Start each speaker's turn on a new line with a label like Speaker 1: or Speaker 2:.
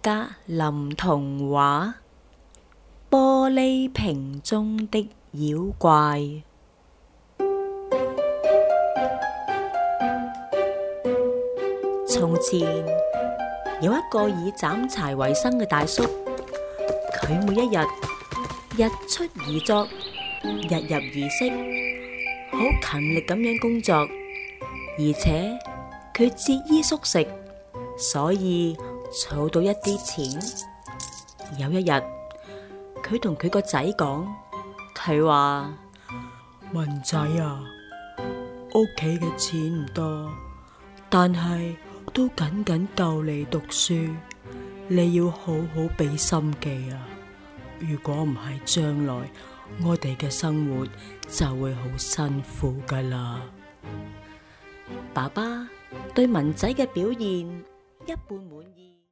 Speaker 1: 格林童話：玻璃瓶中的妖怪。從前有一個以斬柴為生嘅大叔，佢每一日日出而作，日入而息，好勤力咁樣工作，而且佢節衣縮食，所以，儲到一啲錢，有一日佢同佢個仔講，佢話：文仔啊，屋企嘅錢唔多，但係都僅僅夠你讀書，你要好好俾心機啊！如果唔係，將來我哋嘅生活就會好辛苦噶啦。爸爸對文仔嘅表現一半滿意。